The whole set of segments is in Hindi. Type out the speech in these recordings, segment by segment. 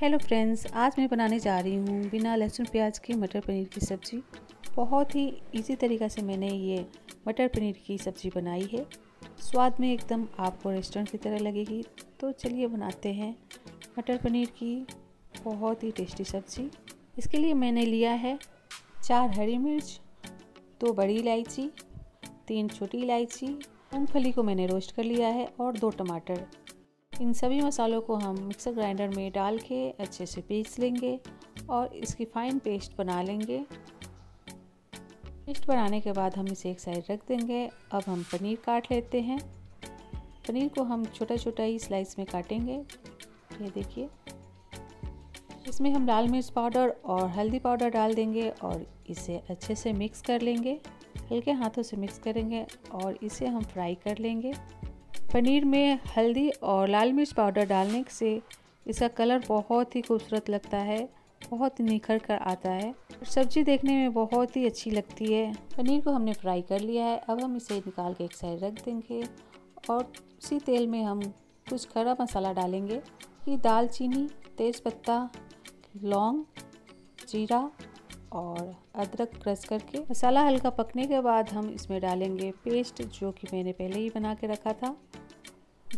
हेलो फ्रेंड्स आज मैं बनाने जा रही हूँ बिना लहसुन प्याज के मटर पनीर की सब्ज़ी बहुत ही इजी तरीक़ा से मैंने ये मटर पनीर की सब्ज़ी बनाई है स्वाद में एकदम आपको रेस्टोरेंट की तरह लगेगी तो चलिए बनाते हैं मटर पनीर की बहुत ही टेस्टी सब्ज़ी इसके लिए मैंने लिया है चार हरी मिर्च दो बड़ी इलायची तीन छोटी इलायची मूँगफली को मैंने रोस्ट कर लिया है और दो टमाटर इन सभी मसालों को हम मिक्सर ग्राइंडर में डाल के अच्छे से पीस लेंगे और इसकी फाइन पेस्ट बना लेंगे पेस्ट बनाने के बाद हम इसे एक साइड रख देंगे अब हम पनीर काट लेते हैं पनीर को हम छोटा छोटा ही स्लाइस में काटेंगे ये देखिए इसमें हम लाल मिर्च पाउडर और हल्दी पाउडर डाल देंगे और इसे अच्छे से मिक्स कर लेंगे हल्के हाथों से मिक्स करेंगे और इसे हम फ्राई कर लेंगे पनीर में हल्दी और लाल मिर्च पाउडर डालने से इसका कलर बहुत ही खूबसूरत लगता है बहुत निखर कर आता है सब्जी देखने में बहुत ही अच्छी लगती है पनीर को हमने फ्राई कर लिया है अब हम इसे निकाल के एक साइड रख देंगे और उसी तेल में हम कुछ खड़ा मसाला डालेंगे ये दालचीनी तेज़पत्ता लौंग जीरा और अदरक क्रश करके मसाला हल्का पकने के बाद हम इसमें डालेंगे पेस्ट जो कि मैंने पहले ही बना के रखा था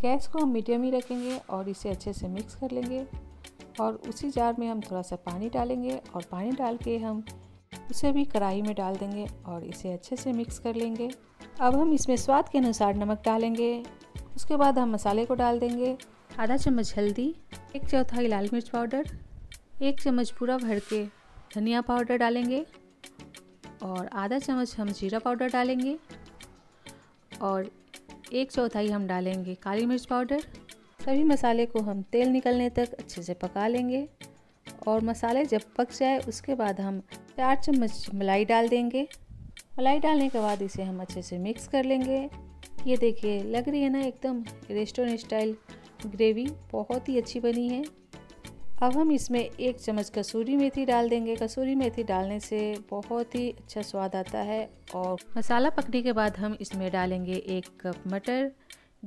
गैस को हम मीडियम ही रखेंगे और इसे अच्छे से मिक्स कर लेंगे और उसी जार में हम थोड़ा सा पानी डालेंगे और पानी डाल के हम उसे भी कढ़ाई में डाल देंगे और इसे अच्छे से मिक्स कर लेंगे अब हम इसमें स्वाद के अनुसार नमक डालेंगे उसके बाद हम मसाले को डाल देंगे आधा चम्मच हल्दी एक चौथाई लाल मिर्च पाउडर एक चम्मच पूरा भर के धनिया पाउडर डालेंगे और आधा चम्मच हम जीरा पाउडर डालेंगे और एक चौथाई हम डालेंगे काली मिर्च पाउडर सभी मसाले को हम तेल निकलने तक अच्छे से पका लेंगे और मसाले जब पक जाए उसके बाद हम चार चम्मच मलाई डाल देंगे मलाई डालने के बाद इसे हम अच्छे से मिक्स कर लेंगे ये देखिए लग रही है ना एकदम रेस्टोरेंट स्टाइल ग्रेवी बहुत ही अच्छी बनी है अब हम इसमें एक चम्मच कसूरी मेथी डाल देंगे कसूरी मेथी डालने से बहुत ही अच्छा स्वाद आता है और मसाला पकने के बाद हम इसमें डालेंगे एक कप मटर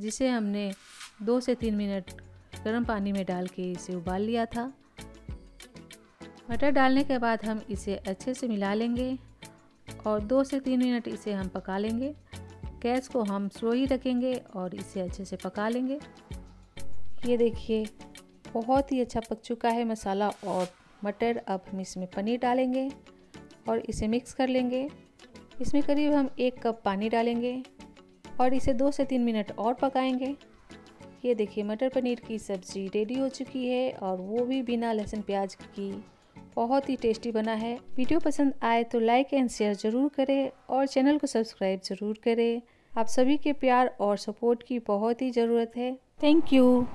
जिसे हमने दो से तीन मिनट गर्म पानी में डाल के इसे उबाल लिया था मटर डालने के बाद हम इसे अच्छे से मिला लेंगे और दो से तीन मिनट इसे हम पका लेंगे गैस को हम स्लो ही रखेंगे और इसे अच्छे से पका लेंगे ये देखिए बहुत ही अच्छा पक चुका है मसाला और मटर अब हम इसमें पनीर डालेंगे और इसे मिक्स कर लेंगे इसमें करीब हम एक कप पानी डालेंगे और इसे दो से तीन मिनट और पकाएंगे ये देखिए मटर पनीर की सब्ज़ी रेडी हो चुकी है और वो भी बिना लहसुन प्याज की बहुत ही टेस्टी बना है वीडियो पसंद आए तो लाइक एंड शेयर ज़रूर करें और चैनल को सब्सक्राइब ज़रूर करें आप सभी के प्यार और सपोर्ट की बहुत ही ज़रूरत है थैंक यू